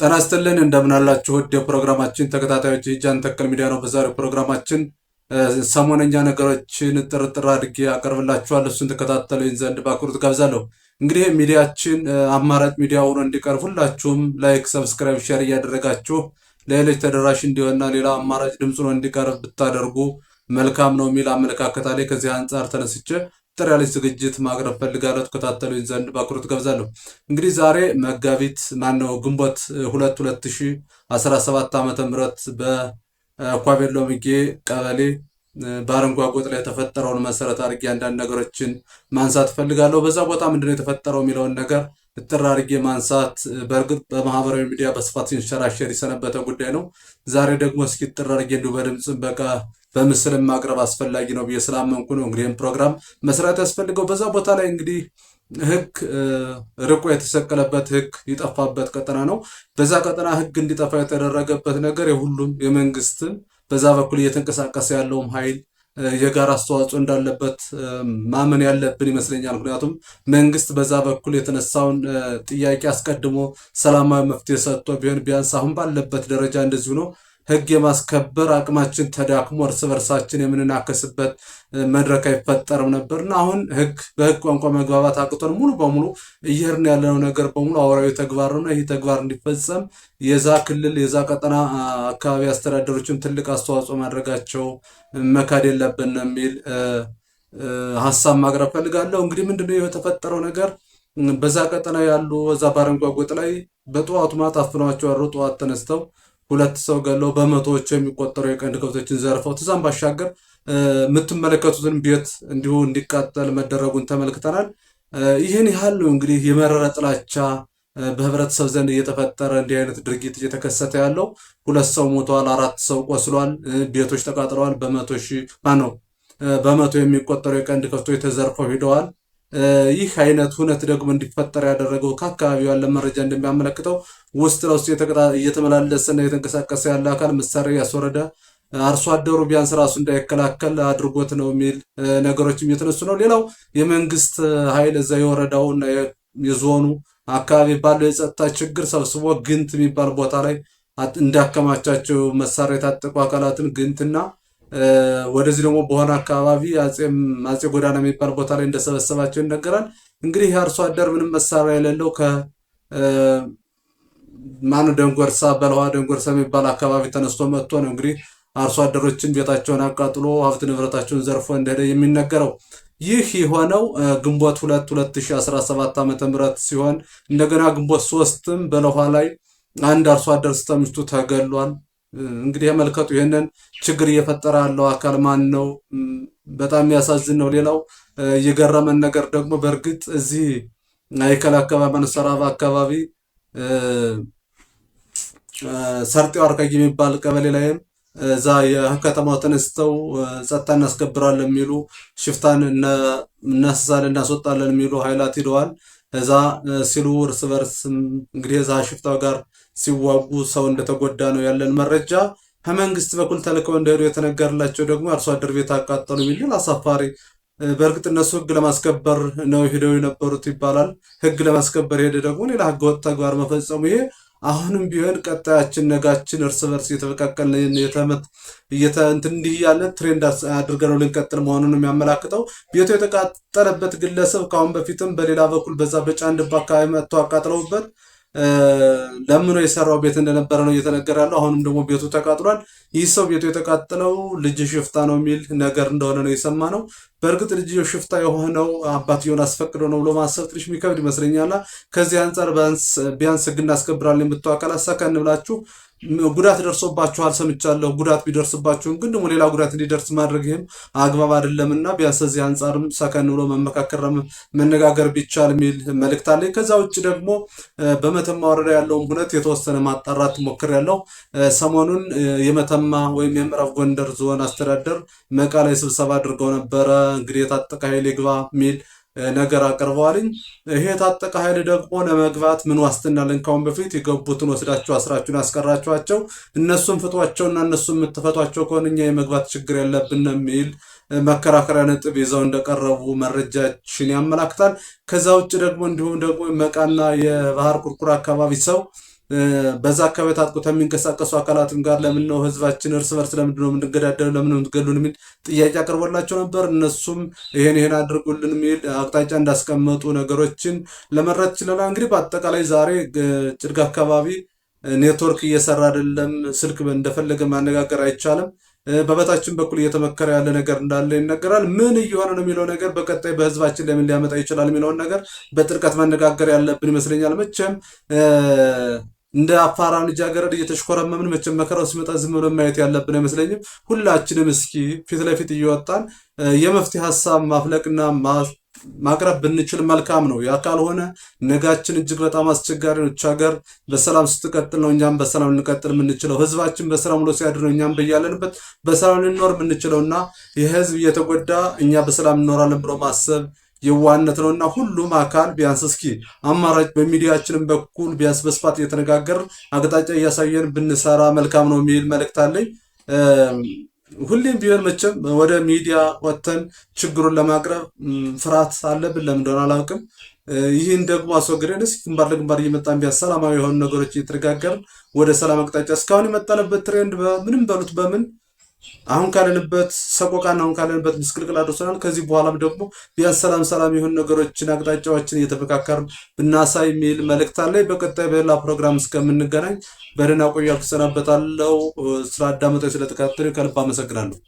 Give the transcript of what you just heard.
ጤና ይስጥልን እንደምናላችሁ ውድ የፕሮግራማችን ተከታታዮች ጃን ተከል ሚዲያ ነው። በዛሬው ፕሮግራማችን ሰሞነኛ ነገሮችን ጥርጥር አድጌ አቀርብላችኋለሁ። እሱን ተከታተሉኝ ዘንድ በአክብሮት ጋብዛለሁ። እንግዲህ ሚዲያችን አማራጭ ሚዲያ ሆኖ እንዲቀርብ ሁላችሁም ላይክ፣ ሰብስክራይብ፣ ሼር እያደረጋችሁ ለሌሎች ተደራሽ እንዲሆንና ሌላ አማራጭ ድምፅ ነው እንዲቀርብ ብታደርጉ መልካም ነው የሚል አመለካከት አለኝ። ከዚህ አንጻር ተነስቼ አጠር ያለች ዝግጅት ማቅረብ ፈልጋለሁ። ተከታተሉኝ ዘንድ በአክብሮት ጋብዛለሁ። እንግዲህ ዛሬ መጋቢት ማነው ግንቦት ሁለት ሁለት ሺ አስራ ሰባት ዓመተ ምህረት በኳቤሎ ሚጌ ቀበሌ በአረንጓ ጎጥ ላይ የተፈጠረውን መሰረት አድርጌ አንዳንድ ነገሮችን ማንሳት ፈልጋለሁ። በዛ ቦታ ምንድነው የተፈጠረው የሚለውን ነገር እጥር አድርጌ ማንሳት በእርግጥ በማህበራዊ ሚዲያ በስፋት ሲንሸራሸር የሰነበተ ጉዳይ ነው። ዛሬ ደግሞ እስኪ እጥር አድርጌ እንዲሁ በድምፅም በቃ በምስልም ማቅረብ አስፈላጊ ነው ብዬ ስላመንኩ ነው እንግዲህ ፕሮግራም መስራት ያስፈልገው። በዛ ቦታ ላይ እንግዲህ ህግ ርቆ የተሰቀለበት ህግ የጠፋበት ቀጠና ነው። በዛ ቀጠና ህግ እንዲጠፋ የተደረገበት ነገር የሁሉም የመንግስትም በዛ በኩል እየተንቀሳቀሰ ያለውም ኃይል የጋራ አስተዋጽኦ እንዳለበት ማመን ያለብን ይመስለኛል። ምክንያቱም መንግስት በዛ በኩል የተነሳውን ጥያቄ አስቀድሞ ሰላማዊ መፍትሄ ሰጥቶ ቢሆን ቢያንስ አሁን ባለበት ደረጃ እንደዚሁ ነው ህግ የማስከበር አቅማችን ተዳክሞ እርስ በርሳችን የምንናከስበት መድረክ አይፈጠርም ነበር እና አሁን ህግ በህግ ቋንቋ መግባባት አቅቶን ሙሉ በሙሉ እየርን ያለነው ነገር በሙሉ አውራዊ ተግባር ነው። ይህ ተግባር እንዲፈጸም የዛ ክልል የዛ ቀጠና አካባቢ አስተዳደሮችም ትልቅ አስተዋጽኦ ማድረጋቸው መካድ የለብን የሚል ሀሳብ ማቅረብ ፈልጋለሁ። እንግዲህ ምንድነው የተፈጠረው ነገር በዛ ቀጠና ያሉ እዛ ባረንጓጎጥ ላይ በጠዋቱ ማታ አፍኗቸው ያሉ ጠዋት ተነስተው ሁለት ሰው ገለው በመቶዎች የሚቆጠሩ የቀንድ ከብቶችን ዘርፈው ትዛም ባሻገር የምትመለከቱትን ቤት እንዲሁ እንዲቃጠል መደረጉን ተመልክተናል። ይህን ያህል ነው እንግዲህ የመረረ ጥላቻ በህብረተሰብ ዘንድ እየተፈጠረ እንዲህ አይነት ድርጊት እየተከሰተ ያለው። ሁለት ሰው ሞቷል፣ አራት ሰው ቆስሏል፣ ቤቶች ተቃጥለዋል፣ በመቶ ሺህ ማነው በመቶ የሚቆጠሩ የቀንድ ከብቶች ተዘርፈው ሂደዋል። ይህ አይነት ሁነት ደግሞ እንዲፈጠር ያደረገው ከአካባቢው ያለ መረጃ እንደሚያመለክተው ውስጥ ለውስጥ እና የተንቀሳቀሰ ያለ አካል መሳሪያ ያስወረደ አርሶ አደሩ ቢያንስ ራሱ እንዳይከላከል አድርጎት ነው የሚል ነገሮችም እየተነሱ ነው። ሌላው የመንግስት ኃይል እዛ የወረዳው እና የዞኑ አካባቢ ባለው የጸጥታ ችግር ሰብስቦ ግንት የሚባል ቦታ ላይ እንዳከማቻቸው መሳሪያ የታጠቁ አካላትን ግንትና ወደዚህ ደግሞ በሆነ አካባቢ አጼ ጎዳና የሚባል ቦታ ላይ እንደሰበሰባቸው ይነገራል። እንግዲህ የአርሶ አደር ምንም መሳሪያ የሌለው ከማኑ ደንጎርሳ በለዋ ደንጎርሳ የሚባል አካባቢ ተነስቶ መጥቶ ነው እንግዲህ አርሶ አደሮችን ቤታቸውን አቃጥሎ ሀብት ንብረታቸውን ዘርፎ እንደሄደ የሚነገረው። ይህ የሆነው ግንቦት ሁለት 2017 ሺ ሲሆን እንደገና ግንቦት ሶስትም በለኋ ላይ አንድ አርሶ አደር ስተምሽቱ ተገሏል። እንግዲህ የመልከቱ ይህንን ችግር እየፈጠረ ያለው አካል ማን ነው? በጣም የሚያሳዝን ነው። ሌላው የገረመን ነገር ደግሞ በእርግጥ እዚህ አይከል አካባቢ መነሰራባ አካባቢ ሰርጤው አርካጊ የሚባል ቀበሌ ላይም እዛ የከተማው ተነስተው ጸጥታ እናስከብራለን የሚሉ ሽፍታን እናስሳለን እናስወጣለን የሚሉ ኃይላት ሂደዋል። እዛ ሲሉ እርስ በርስ እንግዲህ እዛ ሽፍታው ጋር ሲዋጉ ሰው እንደተጎዳ ነው ያለን መረጃ። ከመንግስት በኩል ተልከው እንደሄዱ የተነገርላቸው ደግሞ አርሶ አደር ቤት አቃጠሉ የሚል አሳፋሪ። በእርግጥ እነሱ ህግ ለማስከበር ነው ሄደው የነበሩት ይባላል። ህግ ለማስከበር ሄደ ደግሞ ሌላ ህገወጥ ተግባር መፈጸሙ ይሄ አሁንም ቢሆን ቀጣያችን ነጋችን እርስ በርስ እየተበቃቀልን የተመት እንትን እንዲህ ያለ ትሬንድ አድርገነው ልንቀጥል መሆኑን የሚያመላክተው ቤቱ የተቃጠለበት ግለሰብ ከአሁን በፊትም በሌላ በኩል በዛ በጫንድባ አካባቢ መጥቶ አቃጥለውበት ለምኖ የሰራው ቤት እንደነበረ ነው እየተነገረ ያለው። አሁንም ደግሞ ቤቱ ተቃጥሏል። ይህ ሰው ቤቱ የተቃጠለው ልጅ ሽፍታ ነው የሚል ነገር እንደሆነ ነው የሰማ ነው። በእርግጥ ልጅ ሽፍታ የሆነው አባትየውን አስፈቅዶ ነው ብሎ ማሰብ ትንሽ የሚከብድ ይመስለኛልና ከዚህ አንጻር ቢያንስ ሕግ እናስከብራለን የምትው አካላት ሰከን ብላችሁ ጉዳት ደርሶባችኋል፣ ሰምቻለሁ። ጉዳት ቢደርስባችሁም ግን ደግሞ ሌላ ጉዳት እንዲደርስ ማድረግ ይህም አግባብ አይደለም እና ቢያንስ እዚህ አንጻርም ሰከን ብሎ መመካከር መነጋገር ቢቻል የሚል መልእክት አለኝ። ከዛ ውጭ ደግሞ በመተማ ወረዳ ያለውን ሁነት የተወሰነ ማጣራት ሞክር ያለው ሰሞኑን የመተ ከተማ ወይም የምዕራብ ጎንደር ዞን አስተዳደር መቃ ላይ ስብሰባ አድርገው ነበረ። እንግዲህ የታጠቀ ኃይል ይግባ የሚል ነገር አቅርበዋልኝ። ይሄ የታጠቀ ኃይል ደግሞ ለመግባት ምን ዋስትና ለን? ካሁን በፊት የገቡትን ወስዳችሁ አስራችሁን ያስቀራችኋቸው እነሱን ፍቷቸውና እነሱ የምትፈቷቸው ከሆነ እኛ የመግባት ችግር የለብን የሚል መከራከሪያ ነጥብ ይዘው እንደቀረቡ መረጃችን ያመላክታል። ከዛ ውጭ ደግሞ እንዲሁም ደግሞ መቃና የባህር ቁርቁር አካባቢ ሰው በዛ አካባቢ ታጥቆ ከሚንቀሳቀሱ አካላትን ጋር ለምን ነው ህዝባችን እርስ በርስ ለምንድን ነው የምንገዳደሉ ለምን ነው የምትገሉን የሚል ጥያቄ አቅርቦላቸው ነበር። እነሱም ይሄን ይሄን አድርጉልን የሚል አቅጣጫ እንዳስቀመጡ ነገሮችን ለመረት ችለናል። እንግዲህ በአጠቃላይ ዛሬ ጭድግ አካባቢ ኔትወርክ እየሰራ አይደለም፣ ስልክ እንደፈለገ ማነጋገር አይቻልም። በበታችን በኩል እየተመከረ ያለ ነገር እንዳለ ይነገራል። ምን እየሆነ ነው የሚለው ነገር በቀጣይ በህዝባችን ለምን ሊያመጣ ይችላል የሚለውን ነገር በጥልቀት መነጋገር ያለብን ይመስለኛል መቼም እንደ አፋራም ልጃገረድ እየተሽኮረመምን መቼም መከራው ሲመጣ ዝም ብለን ማየት ያለብን አይመስለኝም። ሁላችንም እስኪ ፊት ለፊት እየወጣን የመፍትሄ ሀሳብ ማፍለቅና ማቅረብ ብንችል መልካም ነው። ያ ካልሆነ ነጋችን እጅግ በጣም አስቸጋሪ ነው። ሀገር በሰላም ስትቀጥል ነው እኛም በሰላም ልንቀጥል የምንችለው። ህዝባችን በሰላም ውሎ ሲያድር ነው እኛም በያለንበት በሰላም ልንኖር የምንችለው እና ይህ ህዝብ እየተጎዳ እኛ በሰላም እንኖራለን ብሎ ማሰብ የዋነት ነውና ሁሉም አካል ቢያንስ እስኪ አማራጭ በሚዲያችንም በኩል ቢያንስ በስፋት እየተነጋገር አቅጣጫ እያሳየን ብንሰራ መልካም ነው የሚል መልእክት አለኝ። ሁሌም ቢሆን መቼም ወደ ሚዲያ ወጥተን ችግሩን ለማቅረብ ፍርሃት አለብን። ለምን እንደሆነ አላውቅም። ይህን ደግሞ አስወግደን እስኪ ግንባር ለግንባር እየመጣን ቢያንስ ሰላማዊ የሆኑ ነገሮች እየተነጋገርን ወደ ሰላም አቅጣጫ እስካሁን የመጣንበት ትሬንድ ምንም በሉት በምን አሁን ካለንበት ሰቆቃና አሁን ካለንበት ምስቅልቅል አድርሶናል። ከዚህ በኋላም ደግሞ ቢያንስ ሰላም ሰላም የሆኑ ነገሮችን አቅጣጫዎችን እየተመካከርን ብናሳይ የሚል መልእክት አለ። በቀጣይ በሌላ ፕሮግራም እስከምንገናኝ በደህና ቆዩ። ያልኩ ስለ አዳመጠ ስለተከታተሉ ከልብ አመሰግናለሁ።